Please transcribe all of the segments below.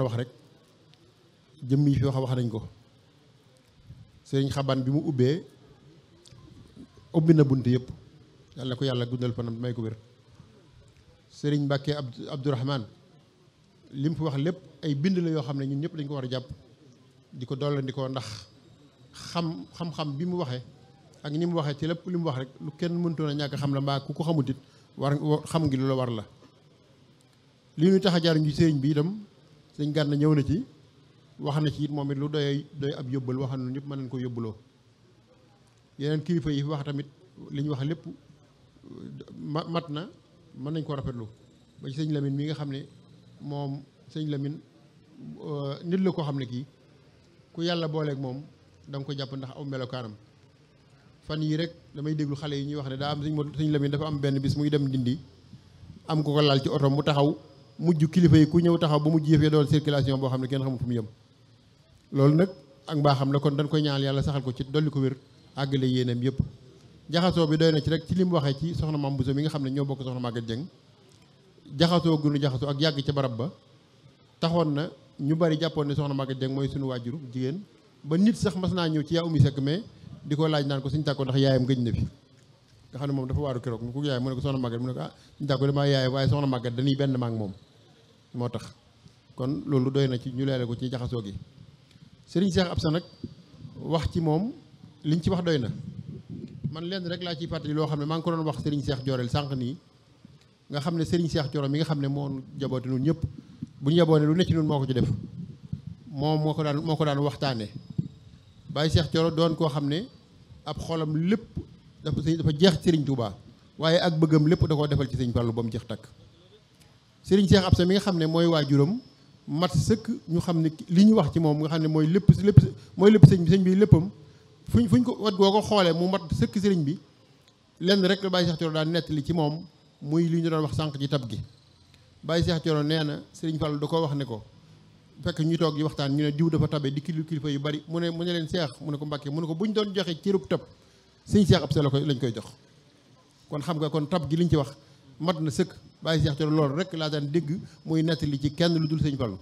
na wax rek jëmm yi fi wax wax nañ ko sëriñ xaban bi mu ubbee ubbi na bunt yëpp yàlla na ko yàlla guddal fanam may ko wér sëriñ Mbàkke Abdourahman li mu fi wax lépp ay bind la yoo xam ne ñun ñëpp dañ ko war a jàpp di ko dollandikoo ndax xam xam-xam bi mu waxee ak ni mu waxee ci lépp li mu wax rek lu kenn mëntoon a ñàkk xam la mbaa ku ko xamutit war xam ngi lu la war la li ñu tax a jaar ñu sëriñ bi itam sëñ Gana ñëw na ci wax na ci it moom it lu doy doy ab yóbbal waxal nu ñëpp mën nañ ko yóbbuloo yeneen kilifa yi wax tamit li ñu wax lépp mat na mën nañ ko rafetlu ba ci sëñ Lamine mi nga xam ne moom sëñ Lamine euh, nit la ko xam ne kii ku yàlla booleek moom da ko jàpp ndax aw melokaanam fan yii rek damay déglu xale yi ñuy wax ne daa am sëñ Lamine dafa am benn bis muy dem dindi am ko ko laal ci oto mu taxaw mujj kilifa yi ku ñëw taxaw ba mu mujj yëfee doon circulation boo xam ne kenn xamul fu mu yem loolu nag ak mbaaxam la kon dañ koy ñaanal yàlla saxal ko ci dolli ko wér àggale yéenam yëpp jaxasoo bi doy na ci rek ci li mu waxee ci soxna Mame Bousso mi nga xam ne ñoo bokk soxna Maguette Dieng jaxasoo gunu jaxasoo ak yàgg ca barab ba taxoon na ñu bari jàppoon ne soxna Maguette Dieng mooy suñu waajuru jigéen ba nit sax mas naa ñëw ci yaa umi sekk mais di ko laaj naan ko suñu tàkkoo ndax yaayam gëj na yaay mu ne ko soxna Maguette mu ne ko ah waaye soxna Maguette dañuy benn maag moom moo tax kon loolu doy na ci ñu leele ko ci jaxasoo gi sëriñ ab sa nag wax ci moom liñ ci wax doy na man lenn rek laa ciy fàttali loo xam ne maa ngi ko doon wax sëriñ Cheikh Jorel sànq nii nga xam ne sëriñ seex Joro mi nga xam ne moo jaboote nun ñëpp bu ñu jaboone lu ne nun moo ko ci def moom moo ko daan moo ko daan waxtaane Baye seex Joro doon koo xam ne ab xolam lépp dafa dafa jeex sëriñ Touba waaye ak bëggam lépp da koo defal ci sëriñ Fallou ba mu jeex takk Serigne Cheikh Absa mi nga xam ne mooy waa waajuram mat sëkk ñu xam ne li ñu wax ci moom nga xam ne mooy lépp lépp mooy lépp sëñ bi sëñ bi léppam fuñ fuñ ko wat goo ko xoolee mu mat sëkk sëriñ bi lenn rek la Baye Cheikh Thioro daan nettali ci moom muy li ñu doon wax sànq ci tab gi Baye Cheikh Thioro na Serigne Fall da koo wax ne ko fekk ñu toog yi waxtaan ñu ne diw dafa tabe di kilifa yu bari mu ne mu ne leen Cheikh mu ne ko Mbàkke mu ne ko bu ñu doon joxee joxe cërub tab Serigne Cheikh Absa la koy lañ koy jox kon xam nga kon tab gi liñ ci wax mat na sëkk bàyyi seex te loolu rek laa daan dégg muy nettali ci kenn lu dul sëñ Fallu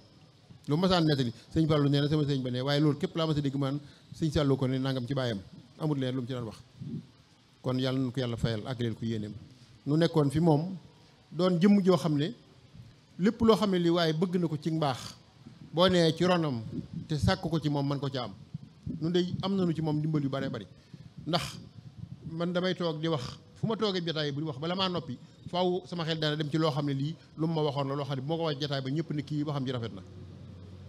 lu masaan nettali sëñ palu nee na sama sëñ ba ne waaye loolu képp laa mas a dégg man sëñ Sàllu ko ne nangam ci bàyyam amul leen lu mu ci daan wax kon yàlla na ko yàlla fayal ak leen ko yéeneem nu nekkoon fi moom doon jëmm joo xam ne lépp loo xam ne li waaye bëgg na ko ci mbaax boo nee ci ronam te sàkk ko ci moom man ko ca am nu de am na nañu ci moom ndimbal yu bare bari ndax man damay toog di wax fu ma toogee jotaay bu di wax bala maa noppi faw sama xel dana dem ci loo xam ne lii lu mu ma waxoon la loo xam ne bu ma ko wax jataay ba ñëpp ne kii waxam ji rafet na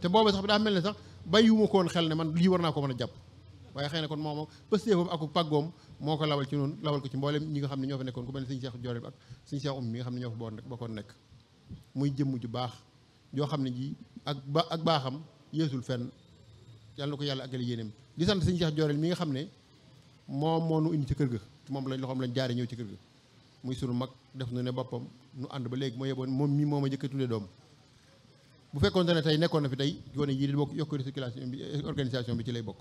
te booba sax daa mel ne sax bàyyiwuma koon xel ne man lii war naa ko mën a jàpp waaye xëy na kon moom pëstéefam ak pàggoom moo ko lawal ci noonu lawal ko ci mboolem nga xam ne ñoo fa nekkoon ku mel ne sëñ Cheikh Joor ak muy jëmm ju baax joo xam ne ji ak ba ak baaxam yeesul fenn yàlla na ko yàlla àggale yéeneem di sant sëñ Cheikh Joorel mi nga xam ne moom moo nu indi ci kër ga moom lañ loxoom lañ jaare ñëw ci kër ga muy sunu mag def na ne boppam nu ànd ba léegi moo yeboon moom mi moo ma njëkk a tuddee doom bu fekkoonte ne tey nekkoon na fi tey yoone yi di bokk yokk circulation bi organisation bi ci lay bokk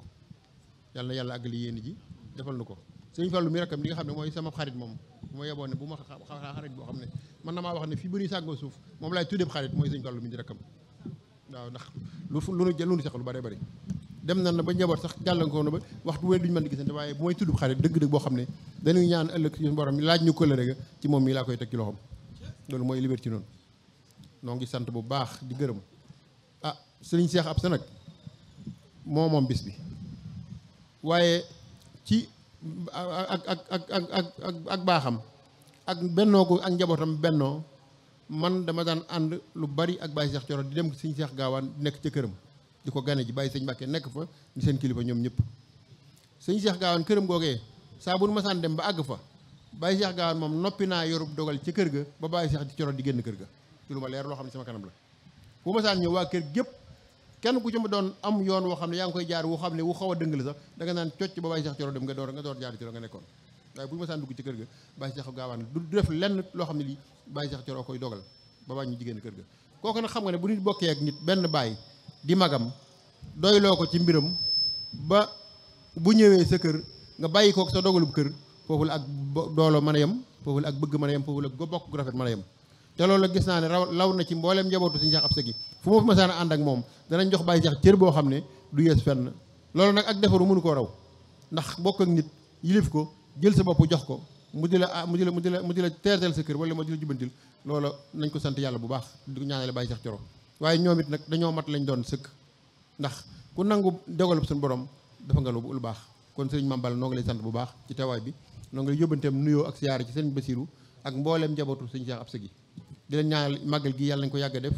yàlla na yàlla àggali yéen ji defal nu ko sëñ Fallou mi rakkam li nga xam ne mooy sama xarit moom moo yeboon ne bu ma xarit boo xam ne man na maa wax ne fii bëri sàngoo suuf moom laay tuddee xarit mooy sëñ fallu mi di rakkam waaw ndax lu lu nu jël lu nu seq lu bëree bëri dem nan na ba njaboot sax gàllankoor na ba waxtu wéy duñu mën di gisante waaye mooy tuddub xarit dëgg-dëgg boo xam ne dañuy ñaan ëllëg suñu borom laaj ñu kóllëre ga ci moom mii laa koy teg ci loxoom loolu mooy liberté noonu noo ngi sant bu baax di gërëm ah, Seex Absa nag moo moom bis bi waaye ci ak ak ak ak ak baaxam ak bennoo ko ak njabootam bennoo man dama daan ànd lu bari ak Baye Seex Coro di dem sëriñ Seex Gaawaan nekk ca këram di ko gane ji bàyyi sëñ Mbàkke nekk fa di seen kilifa ñoom ñëpp sëñ Cheikh Gaawaan këram googee saa bu nu masaan dem ba àgg fa bàyyi Cheikh Gaawaan moom noppi naa yorub dogal ci kër ga ba bàyyi Cheikh di coro di génn kër ga ci loo xam ne sama kanam la bu masaan ñëw waa kër gépp kenn ku ci ma doon am yoon woo xam ne yaa ngi koy jaar wu xam ne wu xaw a dëng la sax da nga naan cocc ba bàyyi Cheikh coro dem nga door nga door jaar ci la nga nekkoon waaye bu ñu masaan dugg ci kër ga bàyyi du def lenn loo xam ne lii bàyyi Cheikh coro koy dogal ba bàyyi ñu jigéen kër ga kooku nag xam nga ne bu nit benn bàyyi di magam doyloo ko ci mbiram ba bu ñëwee sa kër nga bàyyi kook sa dogalub kër foofu la ak doolo mën a yem foofu la ak bëgg mën a yem foofu la go bokk gu rafet mën a yem te loolu gis naa ne raw law na ci mbooleem njabootu suñu Seex Absa gi fu ma fi masaan a ànd ak moom danañ jox bàyyi Seex cër boo xam ne du yees fenn loolu nag ak defaru mënu koo raw ndax bokk ak nit yilif ko jël sa bopp jox ko mu di la ah, mu di la mu di la mu di sa kër wala mu di la jubantil loolu nañ ko sant yàlla bu baax di ko ñaanale bàyyi waaye ñoom it nak dañoo mat lañ doon sëkk ndax ku nangu dogalub suñu borom dafa nga lu baax kon sëriñ mambal no nga lay sant bu baax ci taway bi no nga lay nuyo ak ziaré ci sëriñ Basiru ak mbollem njabootu sëriñ Cheikh absegi gi di leen ñaanal magal gi yalla nañ ko yàgg def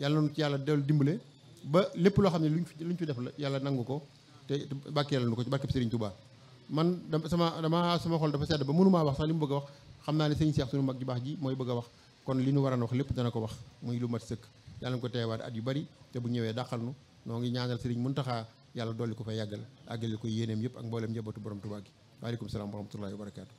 yalla nañu ci yalla del dimbalé ba lepp lo xamni luñ fi luñ fi def la yalla nangu ko te bàkk yàlla nu ko ci barkeb sëriñ Touba man sama dama sama xol dafa sedd ba mënuma wax sax limu bëgg wax xamna ni ne Cheikh suñu mag ji baax ji moy bëgg wax kon li ñu waroon wax lépp dana ko wax muy lu mat sëkk yàlla ko teewaat at yu bari te bu ñëwee dàqal nu noo ngi ñaanal Serigne Mountakha yàlla dolli ko fa yàggal àggale ko yéeneem yëpp ak mboolem njabootu borom Tuubaa gi waaleykum salaam wa rahmatullahi wa barakaatu.